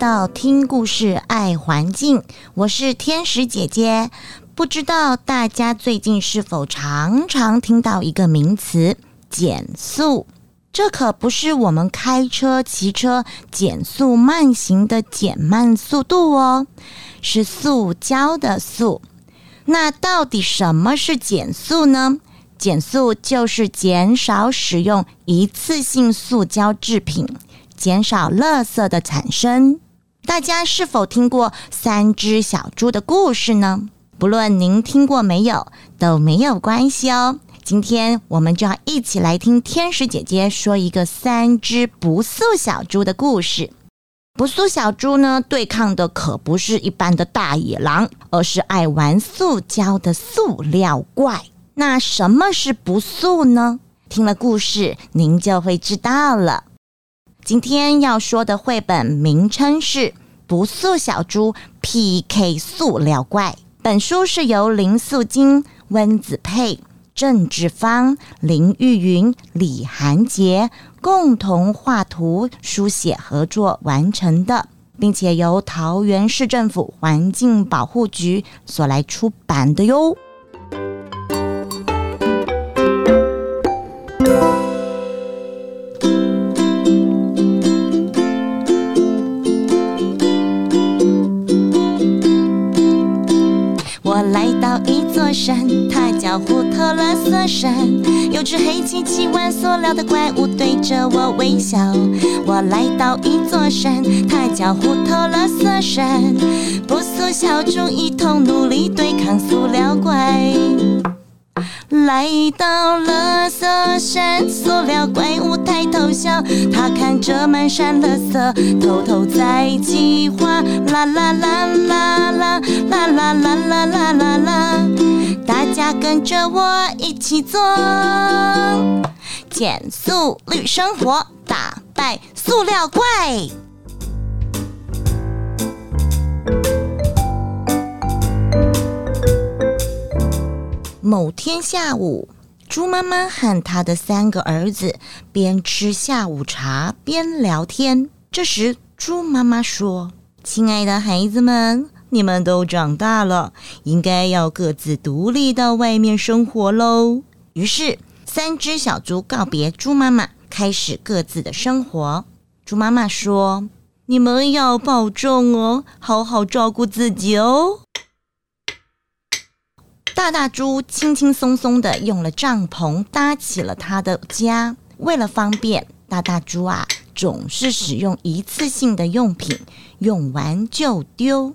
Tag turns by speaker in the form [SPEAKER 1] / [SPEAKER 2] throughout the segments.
[SPEAKER 1] 到聽故事愛環境，我是天使姐姐。不知道大家最近是否常常聽到一個名詞“減塑”？這可不是我們開車、騎車減速慢行的減慢速度哦，是塑膠的“塑”。那到底什麼是減塑呢？減塑就是減少使用一次性塑膠製品，減少垃圾的產生。大家是否聽過三隻小豬的故事呢？不論您聽過沒有都沒有關係哦。今天我們就要一起來聽天使姊姊說一個三隻不塑小豬的故事。不塑小豬呢，對抗的可不是一般的大野狼，而是愛玩塑膠的塑料怪。那什麼是不塑呢？聽了故事您就會知道了。今天要說的繪本名稱是《不塑小豬 PK 塑料怪》。本書是由林素菁、溫子霈、鄭智方、林鈺芸、李函潔共同畫圖、書寫合作完成的，並且由桃園市政府環境保護局所來出版的喲。小虎偷了色山，有隻黑漆漆、玩塑料的怪物對着我微笑。我來到一座山，它叫虎特拉色山。不速小豬一同努力對抗塑料怪。來到了色山，塑料怪物抬頭笑，他看着滿山的色，偷偷在計劃。啦啦啦啦啦啦啦啦啦啦啦啦。大家跟着我一起做，減塑綠生活，打敗塑料怪。某天下午，豬媽媽和她的三個兒子邊吃下午茶邊聊天。這時，豬媽媽說：“親愛的孩子們。”你們都長大了，應該要各自獨立到外面生活嘍。於是，三隻小豬告別豬媽媽，開始各自的生活。豬媽媽說：“你們要保重哦，好好照顧自己哦。”大大豬輕輕鬆鬆地用了帳篷搭起了他的家。為了方便，大大豬啊總是使用一次性的用品，用完就丟。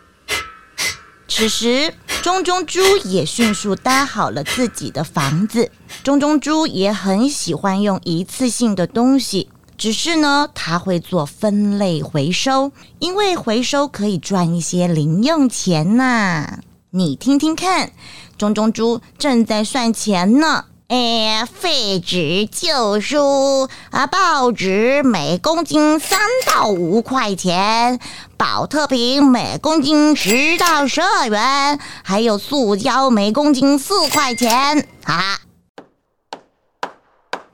[SPEAKER 1] 此時，中中豬也迅速搭好了自己的房子。中中豬也很喜歡用一次性的東西，只是呢，他會做分類回收，因為回收可以賺一些零用錢吶啊。你聽聽看，中中豬正在算錢呢。哎，廢紙、舊書啊，報紙每公斤三到五塊錢，寶特瓶每公斤十到十二元，還有塑膠每公斤四塊錢啊。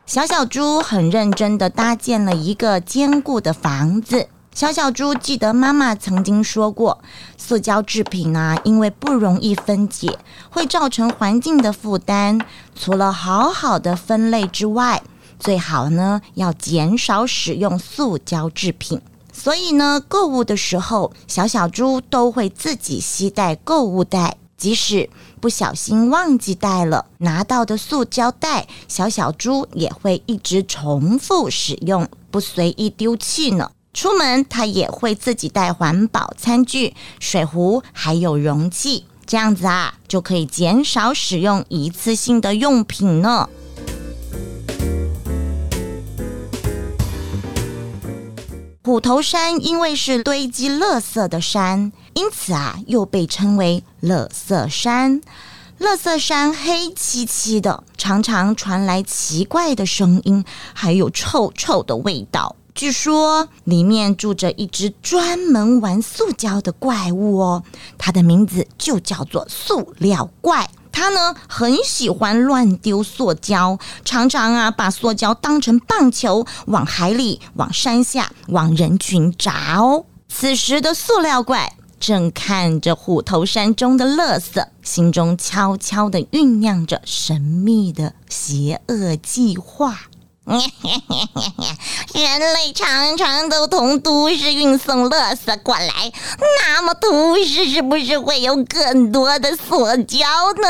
[SPEAKER 1] 小小豬很認真的搭建了一個堅固的房子。小小豬記得媽媽曾經說過，塑膠製品啊，因為不容易分解，會造成環境的負擔。除了好好的分類之外，最好呢要減少使用塑膠製品。所以呢，購物的時候，小小豬都會自己攜帶購物袋，即使不小心忘記帶了，拿到的塑膠袋，小小豬也會一直重複使用，不隨意丟棄呢。出門他也會自己帶環保餐具、水壺還有容器，這樣子啊就可以減少使用一次性的用品呢。虎頭山因為是堆積垃圾的山，因此啊又被稱為“垃圾山”。垃圾山黑漆漆的，常常傳來奇怪的聲音，還有臭臭的味道。據說裡面住着一隻專門玩塑膠的怪物哦，它的名字就叫做塑料怪。它呢很喜歡亂丟塑膠，常常啊把塑膠當成棒球，往海裡、往山下、往人群砸哦。此時的塑料怪正看着虎頭山中的垃圾，心中悄悄地醞釀着神秘的邪惡計劃。 人類常常都同都市運送垃圾過來，那麼都市是不是會有更多的塑膠呢？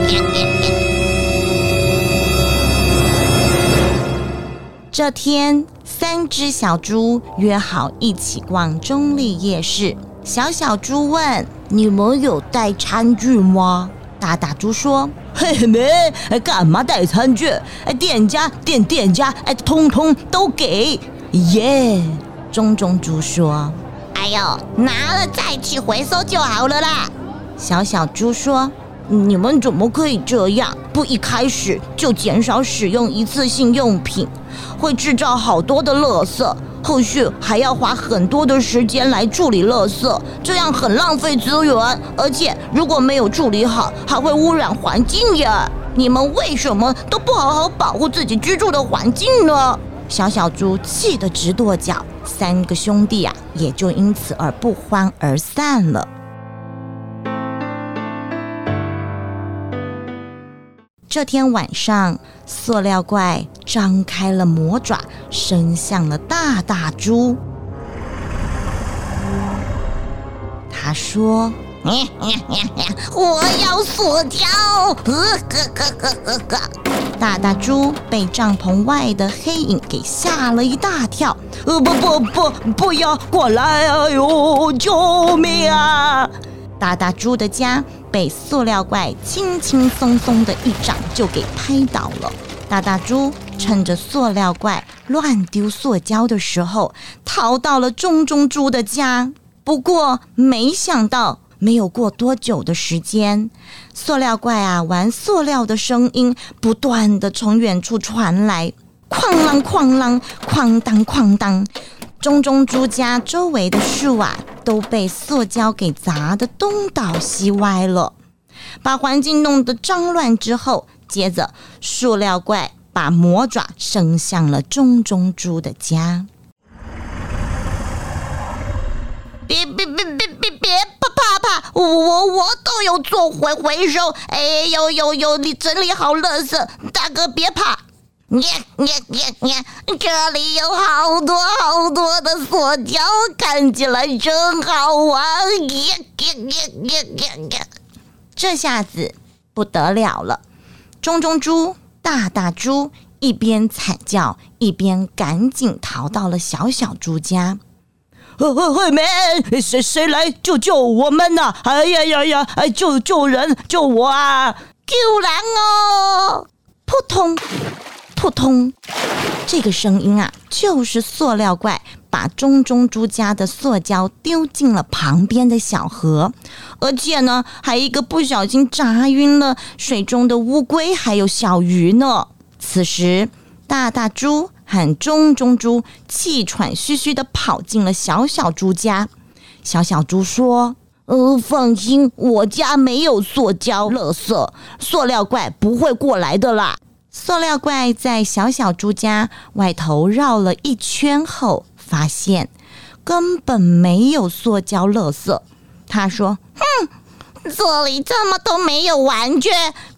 [SPEAKER 1] 這天，三只小豬約好一起逛中壢夜市。小小豬問：“你們有帶餐具嗎？”大大豬說。嘿嘿沒，哎，幹嘛帶餐具？哎店家店店家哎，通通都給耶！Yeah, 中中豬說：“哎呦，拿了再去回收就好了啦。”小小豬說：“你們怎麼可以這樣？不一開始就減少使用一次性用品，會製造好多的垃圾。”後續還要花很多的時間來處理垃圾，這樣很浪費資源，而且如果沒有處理好，還會污染環境呀！你們為什麼都不好好保護自己居住的環境呢？小小豬氣得直跺腳，三個兄弟啊，也就因此而不歡而散了。這天晚上，塑料怪張開了魔爪，伸向了大大豬。他說：“你你你你， 我要塑料。 ”大大豬被帳篷外的黑影給嚇了一大跳。 “不不不不，不要過來啊！哎喲，救命啊！”大大豬的家。被塑料怪輕輕鬆鬆的一掌就給拍倒了。大大豬趁着塑料怪亂丟塑膠的時候，逃到了中中豬的家。不過，沒想到沒有過多久的時間，塑料怪啊玩塑料的聲音不斷的從遠處傳來，哐啷哐啷，哐噹哐噹。哐啦啦。中中豬家周圍的樹啊，都被塑膠給砸的東倒西歪了，把環境弄得髒亂之後，接着塑料怪把魔爪伸向了中中豬的家。別別別別別別怕怕怕！我我我都有做回回收，哎呦呦呦，你整理好垃圾，大哥別怕。呀呀呀呀，這裡有好多好多的塑膠，看起來真好玩！呀呀呀呀呀呀，這下子不得了了，中中豬、大大豬一邊慘叫，一邊趕緊逃到了小小豬家。慧慧梅，誰誰來救救我們吶、啊？哎呀呀呀！哎，救救人，救我啊！救人哦！撲通。撲通！這個聲音啊，就是塑料怪把中中豬家的塑膠丟進了旁邊的小河，而且呢，還一個不小心砸暈了水中的烏龜還有小魚呢。此時，大大豬和中中豬氣喘吁吁地跑進了小小豬家。小小豬說：“呃，放心，我家沒有塑膠垃圾，塑料怪不會過來的啦。”塑料怪在小小豬家外頭繞了一圈後，發現根本沒有塑膠垃圾。他說：“哼、嗯，這裡怎麼都沒有玩具，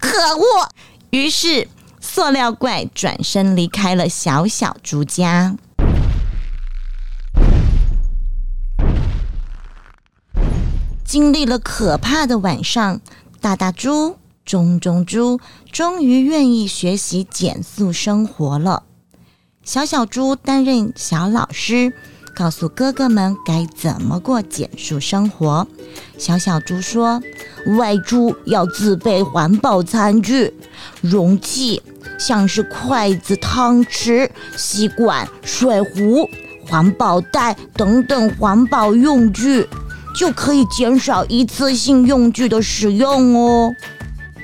[SPEAKER 1] 可惡！”於是塑料怪轉身離開了小小豬家。經歷了可怕的晚上，大大豬、中中豬終於願意學習減塑生活了。小小豬擔任小老師，告訴哥哥們該怎麼過減塑生活。小小豬說：“外出要自備環保餐具、容器，像是筷子、湯匙、吸管、水壺、環保袋等等環保用具，就可以減少一次性用具的使用哦。”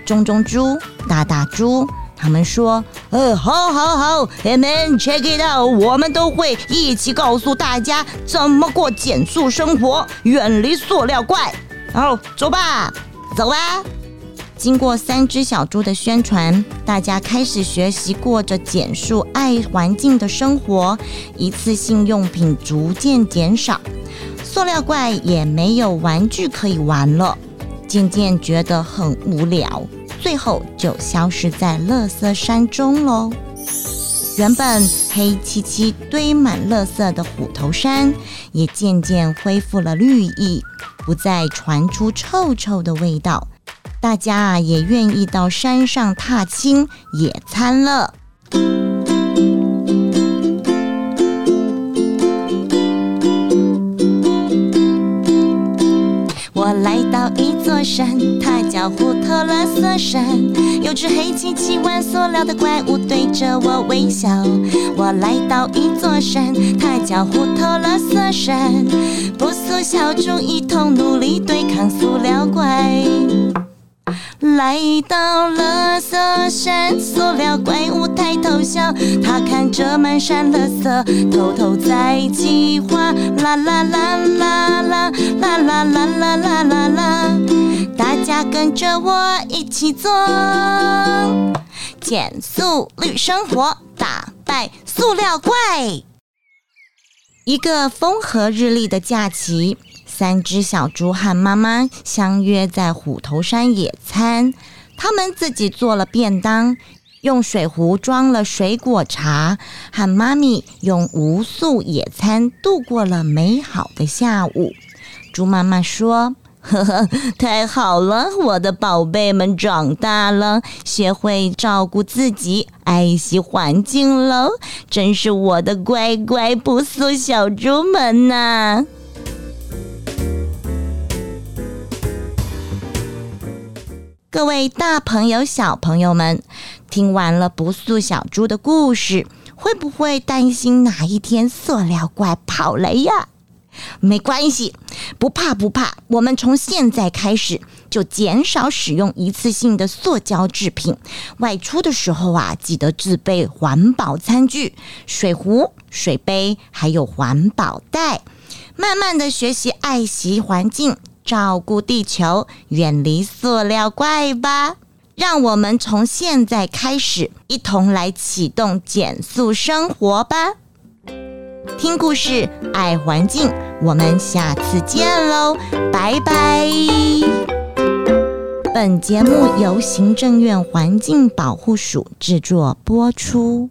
[SPEAKER 1] 中中豬、大大豬，他們說：“呃、哦，好，好，好，好，man, check it out。我們都會一起告訴大家怎麼過減塑生活，遠離塑料怪。哦。”然後走吧，走吧、啊。經過三隻小豬的宣傳，大家開始學習過着減塑、愛環境的生活，一次性用品逐漸減少，塑料怪也沒有玩具可以玩了，漸漸覺得很無聊。最後就消失在垃圾山中嘍。原本黑漆漆堆滿垃圾的虎頭山，也漸漸恢復了綠意，不再傳出臭臭的味道。大家也願意到山上踏青野餐了。山，它叫胡頭勒色山。有隻黑漆漆、玩塑料的怪物對着我微笑。我來到一座山，它叫胡頭勒色山。不速小豬一同努力對抗塑料怪。來到了色山，塑料怪物。抬頭笑，他看着滿山的色，偷偷在計劃。啦啦啦啦啦啦啦啦啦啦啦啦，大家跟着我一起做，減塑綠生活，打敗塑料怪。一個風和日麗的假期，三只小豬和媽媽相約在虎頭山野餐，他們自己做了便當。用水壺裝了水果茶，和媽咪用無塑野餐度過了美好的下午。豬媽媽說：“呵呵，太好了，我的寶貝們長大了，學會照顧自己，愛惜環境了，真是我的乖乖不塑小豬們吶、啊！”各位大朋友、小朋友們，聽完了不塑小豬的故事，會不會擔心哪一天塑料怪跑了呀、啊？沒關係，不怕不怕。我們從現在開始就減少使用一次性的塑膠製品，外出的時候啊，記得自備環保餐具、水壺、水杯，還有環保袋，慢慢的學習愛惜環境。照顧地球，遠離塑料怪吧！讓我們從現在開始，一同來啟動減塑生活吧。聽故事，愛環境，我們下次見嘍，拜拜！本節目由行政院環境保護署制作播出。